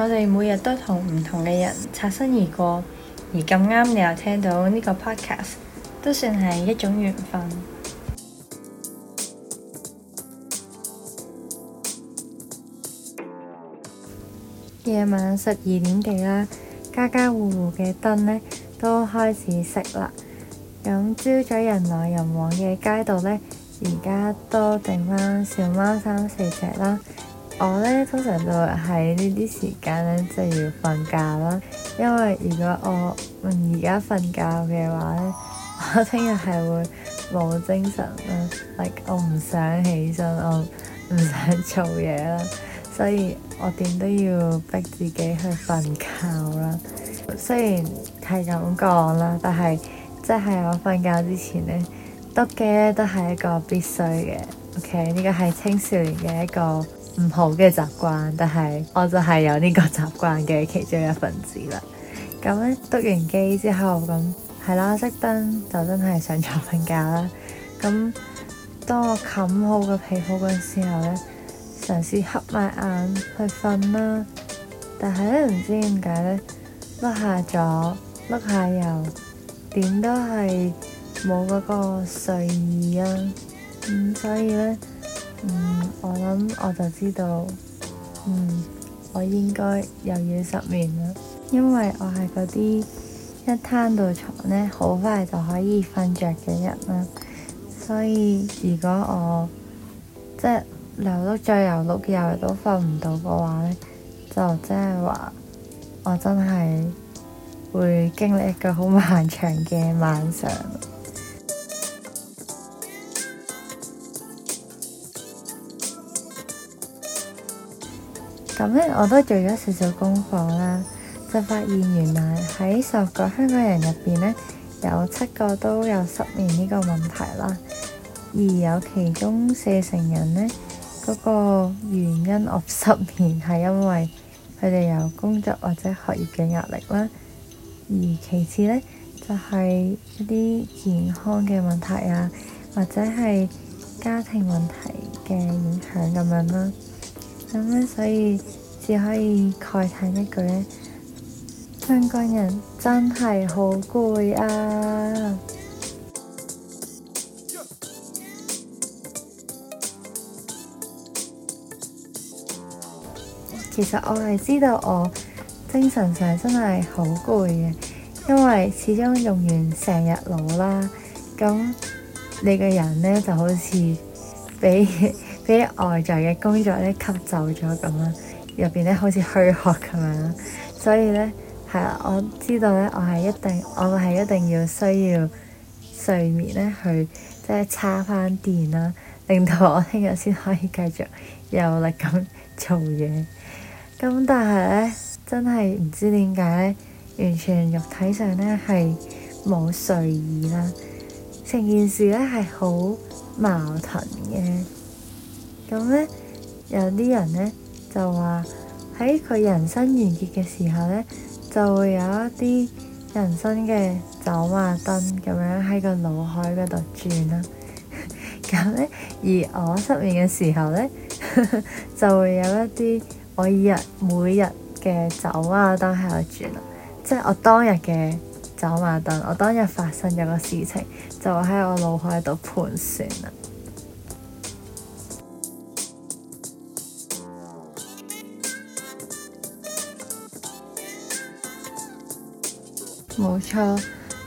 我哋每日都同唔同嘅人擦身而過，而咁啱你又聽到呢個 podcast，都算係一種緣分。夜晚十二點幾啦，家家戶戶嘅燈咧都開始熄啦。咁朝早人來人往嘅街道咧，而家都剩翻小貓三四隻啦。我咧通常就喺呢啲時間咧就要瞓覺啦，因為如果我唔而家瞓覺嘅話咧，我聽日係會冇精神啦。Like, 我唔想起身，我唔想做嘢啦。所以我點都要逼自己去瞓覺啦。雖然係咁講啦，但係即係我瞓覺之前呢，篤機咧都係一個必須嘅。OK，呢個係青少年嘅一個唔好嘅習慣，但係我就係有呢個習慣嘅其中一份子啦。咁咧篤完機之後，咁係啦，熄燈就真係上床瞓覺啦。咁當我冚好個被鋪嗰陣時候咧。嘗試合埋眼去瞓啦，啊，但係咧唔知點解咧碌下左，碌下右，點都係冇嗰個睡意啊！咁、嗯、所以咧，嗯，我諗我就知道，嗯，我應該又要失眠啦，因為我係嗰啲一攤到床咧，好快就可以瞓着嘅人啦。所以如果我即係。留碌再留碌，日日都瞓唔到嘅話呢就即係話我真係會經歷一個好漫長嘅晚上。咁 呢，我都做咗少少功課啦，就發現原來喺十個香港人入邊呢，有七個都有失眠呢個問題啦，而有其中四成人呢。嗰個原因，嘅失眠係因為佢哋有工作或者學業嘅壓力啦，而其次呢，就係、是、一啲健康嘅問題啊，或者係家庭問題嘅影響咁樣啦、啊。咁樣所以只可以概括一句咧，香港人真係好攰啊！其實我係知道，我精神上真係好攰嘅，因為始終用完成日腦啦，咁你個人咧就好似俾俾外在嘅工作咧吸走咗咁啦，入邊咧好似虛渴咁樣，所以咧係啊，我知道咧，我係一定，我係一定要需要睡眠咧，去即係叉翻電啦，令到我聽日先可以繼續有力咁做嘢。咁但係咧，真係唔知點解咧，完全肉體上咧係冇睡意啦。成件事咧係好矛盾嘅。咁咧，有啲人咧就話喺佢人生完結嘅時候咧，就會有一啲人生嘅走馬燈咁樣喺個腦海嗰度轉啦。咁 咧，而我失眠嘅時候咧， 就會有一啲。我日每日嘅走啊燈喺度轉即係我當日嘅走馬燈，我當日發生咗個事情，就喺我腦海度盤旋啊。冇錯，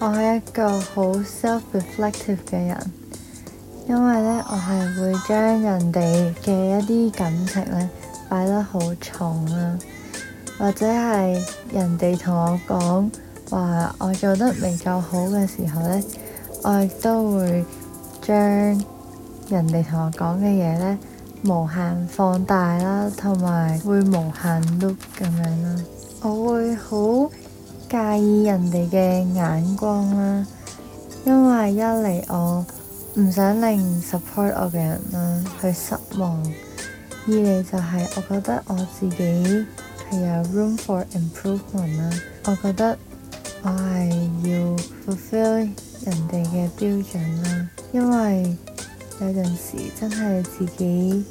我係一個好 self-reflective 嘅人，因為呢，我係會將人哋嘅一啲感情咧。擺得好重啊，或者係人哋同我講話我做得未夠好嘅時候呢，我亦都會將人哋同我講嘅嘢，呢無限放大啦、啊，同埋會無限 look 咁樣啦、啊。我會好介意人哋嘅眼光啦、啊，因為一嚟我唔想令 support 我嘅人啦、啊、去失望。二嚟就係、是，我覺得我自己係有 room for improvement 啦。我覺得我係要 fulfill 人哋嘅標準啦。因為有陣時真係自己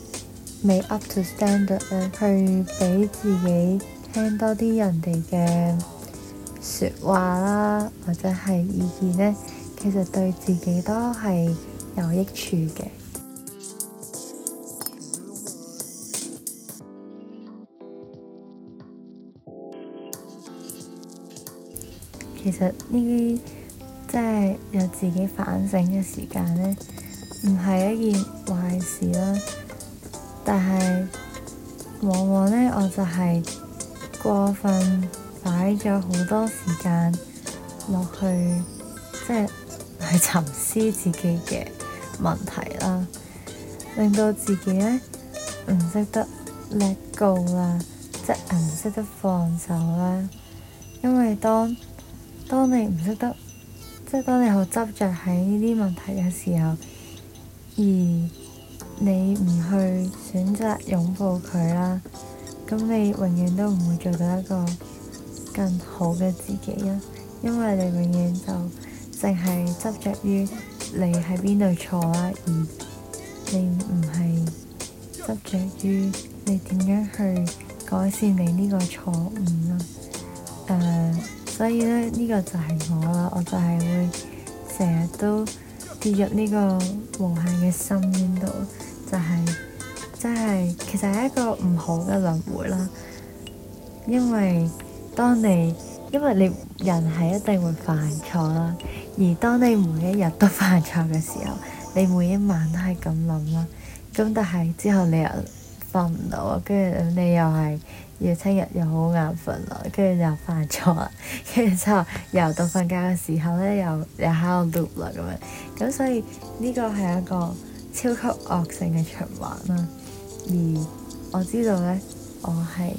未 up to standard 咧，去俾自己聽多啲人哋嘅説話啦，或者係意見呢，其實對自己都係有益處嘅。其實呢啲即係有自己反省嘅時間咧，唔係一件壞事啦。但係往往咧，我就係過分擺咗好多時間落去，即係去沉思自己嘅問題啦，令到自己咧唔識得 let go 啦，即係唔識得放手啦。因為當當你唔識得，即係當你好執着喺呢啲問題嘅時候，而你唔去選擇擁抱佢啦，咁你永遠都唔會做到一個更好嘅自己啊！因為你永遠就淨係執着於你喺邊度錯啦，而你唔係執着於你點樣去改善你呢個錯誤啦，誒、呃。所以咧，呢個就係我啦，我就係會成日都跌入呢個無限嘅深淵度，就係即係其實係一個唔好嘅輪迴啦。因為當你因為你人係一定會犯錯啦，而當你每一日都犯錯嘅時候，你每一晚都係咁諗啦。咁但係之後你又瞓唔到啊，跟住你又係夜聽日又好眼瞓啦，跟住又犯錯啦，跟住之後又到瞓覺嘅時候咧，又又喺度 loop 啦咁樣，咁所以呢個係一個超級惡性嘅循環啦。而我知道咧，我係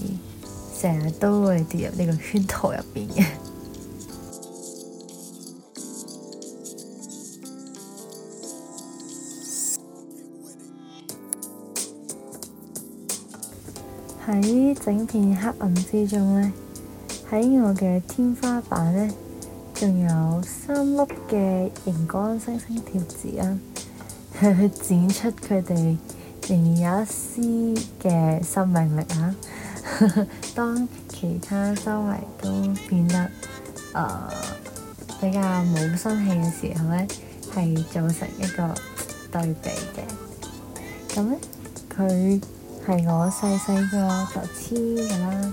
成日都會跌入呢個圈套入邊嘅。喺整片黑暗之中呢，喺我嘅天花板呢，仲有三粒嘅熒光星星貼紙啊，去 展出佢哋仍然有一絲嘅生命力啊！ 當其他周圍都變得誒、呃、比較冇生氣嘅時候呢，係造成一個對比嘅。咁咧，佢。係我細細個就黐㗎啦，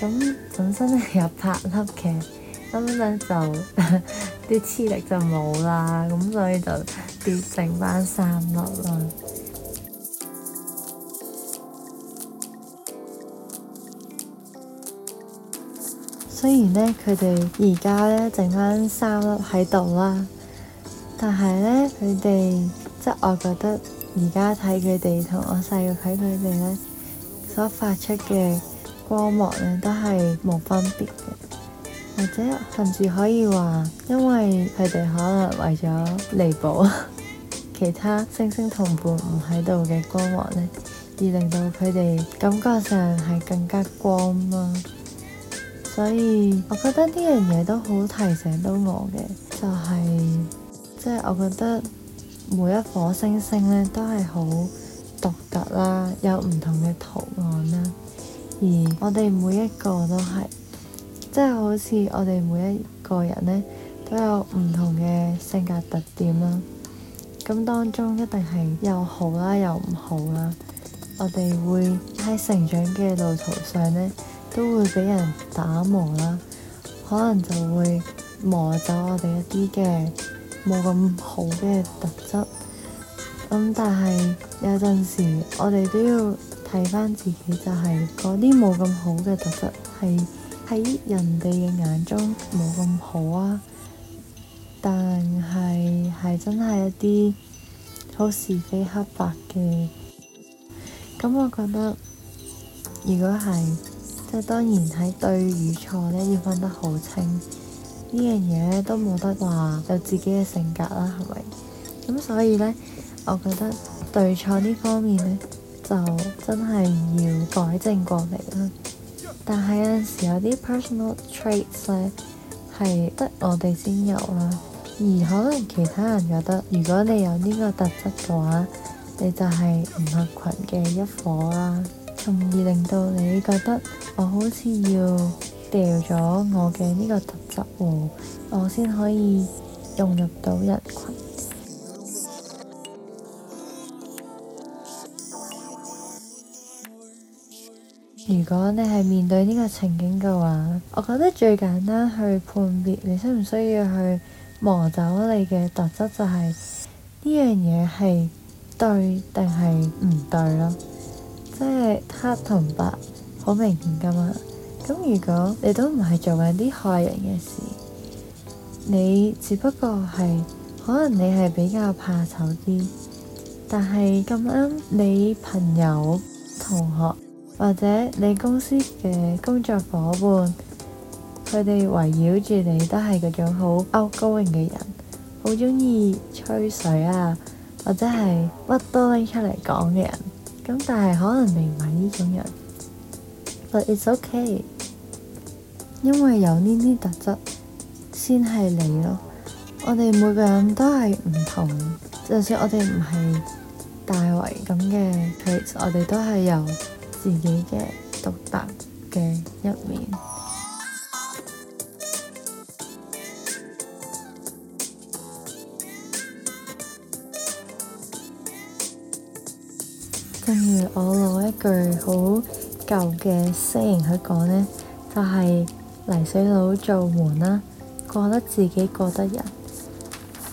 咁本身咧有八粒嘅，咁樣就啲黐 力就冇啦，咁所以就跌成班三粒啦。雖然咧佢哋而家咧剩翻三粒喺度啦，但係咧佢哋。即我覺得而家睇佢哋同我細個睇佢哋咧，所發出嘅光芒咧都係冇分別嘅，或者甚至可以話，因為佢哋可能為咗彌補其他星星同伴唔喺度嘅光芒咧，而令到佢哋感覺上係更加光啦。所以我覺得呢樣嘢都好提醒到我嘅，就係即係我覺得。每一顆星星咧都係好獨特啦，有唔同嘅圖案啦，而我哋每一個都係，即係好似我哋每一個人咧都有唔同嘅性格特點啦。咁當中一定係又好啦，又唔好啦。我哋會喺成長嘅路途上咧，都會俾人打磨啦，可能就會磨走我哋一啲嘅。冇咁好嘅特質，咁、嗯、但係有陣時我哋都要睇翻自己、就是，就係嗰啲冇咁好嘅特質，係喺人哋嘅眼中冇咁好啊，但係係真係一啲好是非黑白嘅，咁我覺得如果係即係當然喺對與錯呢，要分得好清。呢樣嘢都冇得話有自己嘅性格啦，係咪？咁所以呢，我覺得對錯呢方面呢，就真係要改正過嚟啦。但係有陣時有啲 personal traits 呢，係得我哋先有啦，而可能其他人覺得。如果你有呢個特質嘅話，你就係唔合群嘅一伙啦，從而令到你覺得我好似要，掉咗我嘅呢個特質，我先可以融入到人群。如果你係面對呢個情景嘅話，我覺得最簡單去判別你需唔需要去磨走你嘅特質，就係，就係呢樣嘢係對定係唔對咯，即係黑同白好明顯噶嘛。咁如果你都唔係做緊啲害人嘅事，你只不過係可能你係比較怕醜啲，但係咁啱你朋友、同學或者你公司嘅工作伙伴，佢哋圍繞住你都係嗰種好 outgoing 嘅人，好中意吹水啊，或者係乜都拎出嚟講嘅人，咁但係可能你唔係呢種人，But it's okay。因為有呢啲特質，先係你咯。我哋每個人都係唔同，就算我哋唔係大圍咁嘅，其實我哋都係有自己嘅獨特嘅一面。跟住 我攞一句好舊嘅 say 去講咧，就係、是。泥水佬做門啦，啊，過得自己過得人。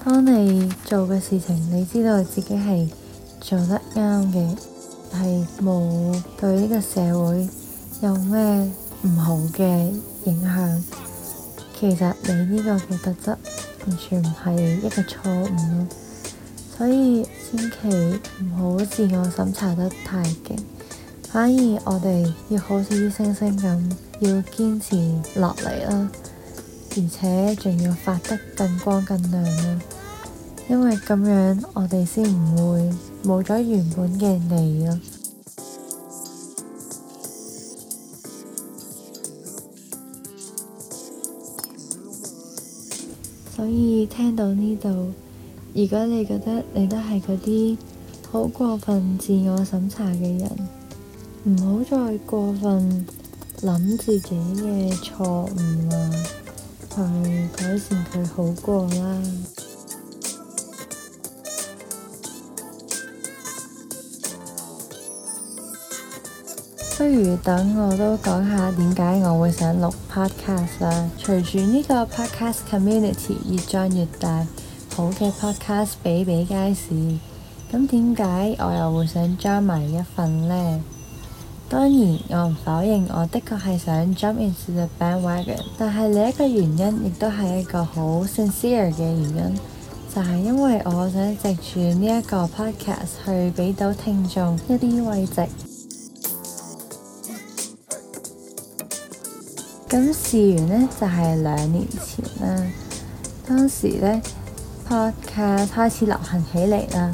當你做嘅事情，你知道自己係做得啱嘅，係冇對呢個社會有咩唔好嘅影響。其實你呢個嘅特質完全唔係一個錯誤咯。所以千祈唔好自我審查得太勁，反而我哋要好似啲星星咁。要堅持落嚟啦，而且仲要發得更光更亮啦，因為咁樣我哋先唔會冇咗原本嘅你啊！所以聽到呢度，如果你覺得你都係嗰啲好過分自我審查嘅人，唔好再過分。諗自己嘅錯誤啊，去改善佢好過啦。 不如等我都講下點解我會想錄 podcast 啦。隨住呢個 podcast community 越壯越大，好嘅 podcast 比比皆是。咁點解我又會想揸埋一份呢？當然，我唔否認，我的確係想 jump into the bandwagon，但係另一個原因亦都係一個好 sincere 嘅原因，就係、是、因為我想藉住呢一個 podcast 去俾到聽眾一啲慰藉。咁事緣呢，就係、是、兩年前啦，當時呢 podcast 開始流行起嚟啦，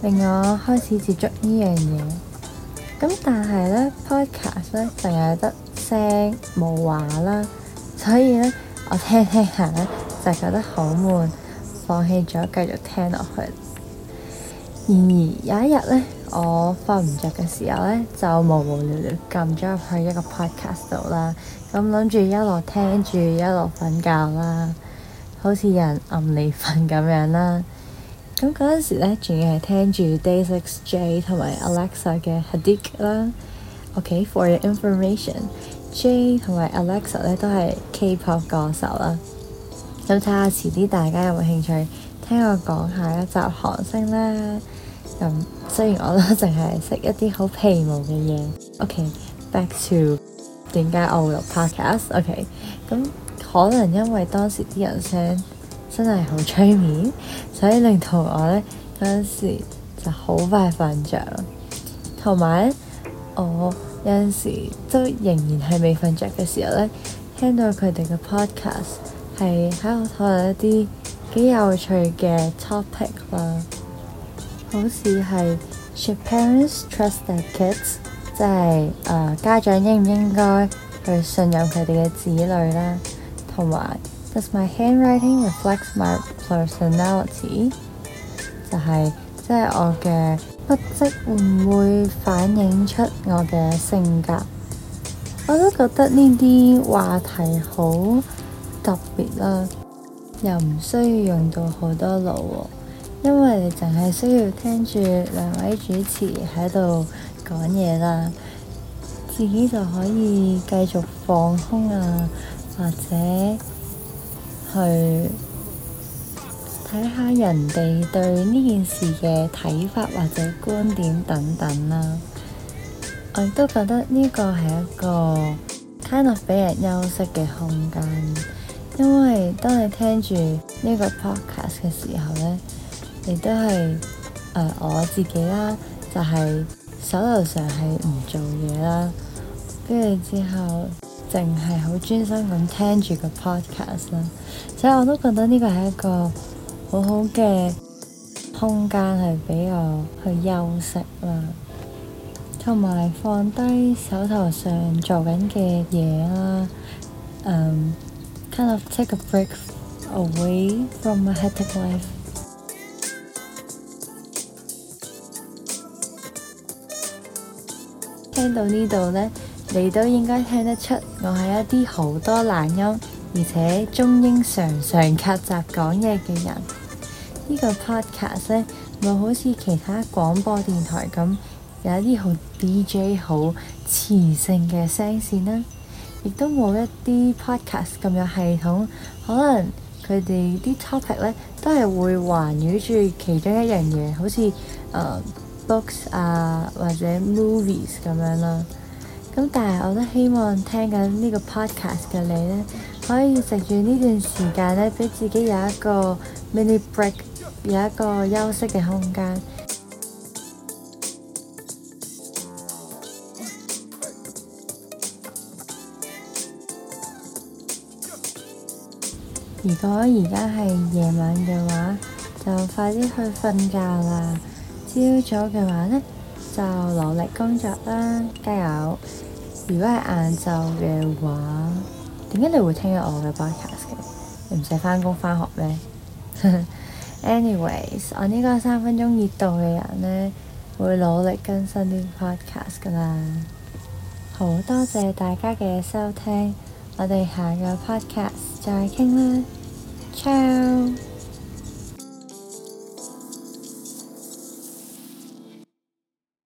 令我開始接觸呢樣嘢。咁但係咧，podcast 咧淨係得聲冇話啦，所以咧我聽聽下咧就覺得好悶，放棄咗繼續聽落去。然而有一日咧，我瞓唔着嘅時候咧，就無無聊聊撳咗入去一個 podcast 度啦，咁諗住一路聽住一路瞓覺啦，好似有人暗你瞓咁樣啦。咁嗰陣時咧，仲要係聽住 Day6 J 同埋 Alexa 嘅 Hadik 啦。OK，for your information，J 同埋 Alexa 咧都係 K-pop 歌手啦。咁睇下遲啲大家有冇興趣聽我講下一集韓星啦。咁雖然我都淨係識一啲好皮毛嘅嘢。OK，back to 點解我會錄 podcast？OK，咁可能因為當時啲人聲。真係好催眠，所以令到我呢，有陣時就好快瞓着咯。同埋我有陣時都仍然係未瞓着嘅時候呢，聽到佢哋嘅 podcast 係喺度討論一啲幾有趣嘅 topic 啦，好似係 Should parents trust their kids？即係誒、呃、家長應唔應該去信任佢哋嘅子女啦，同埋。Does my handwriting reflect my personality？就係即係我嘅筆跡會唔會反映出我嘅性格？我都覺得呢啲話題好特別啦，又唔需要用到好多腦喎，因為你淨係需要聽住兩位主持喺度講嘢啦，自己就可以繼續放空啊，或者～去睇下人哋對呢件事嘅睇法或者觀點等等啦。我亦都覺得呢個係一個 kind of 俾人休息嘅空間，因為當你聽住呢個 podcast 嘅時候呢，你都係誒、呃、我自己啦，就係、是、手頭上係唔做嘢啦，跟住之後，淨係好專心咁聽住個 podcast 啦，所以我都覺得呢個係一個好好嘅空間去俾我去休息啦，同埋放低手頭上做緊嘅嘢啦、um,，kind of take a break away from my hectic life。聽到呢度咧。你都應該聽得出，我係一啲好多懶音，而且中英常常夾雜講嘢嘅人。這個、呢個 podcast 咧，冇好似其他廣播電台咁，有一啲好 DJ、好磁性嘅聲線啦，亦都冇一啲 podcast 咁有系統。可能佢哋啲 topic 咧，都係會環繞住其中一樣嘢，好似誒 books 啊、uh,，或者 movies 咁樣啦。咁但係我都希望聽緊呢個 podcast 嘅你呢，可以食住呢段時間呢，俾自己有一個 mini break，有一個休息嘅空間。 如果而家係夜晚嘅話，就快啲去瞓覺啦。朝早嘅話呢，就努力工作啦，加油！如果係晏晝嘅話，點解你會聽日我嘅 podcast 嘅？你唔使返工返學咩 ？Anyways，我呢個三分鐘熱度嘅人呢，會努力更新啲 podcast 噶啦。好多謝大家嘅收聽，我哋下個 podcast 再傾啦，ciao。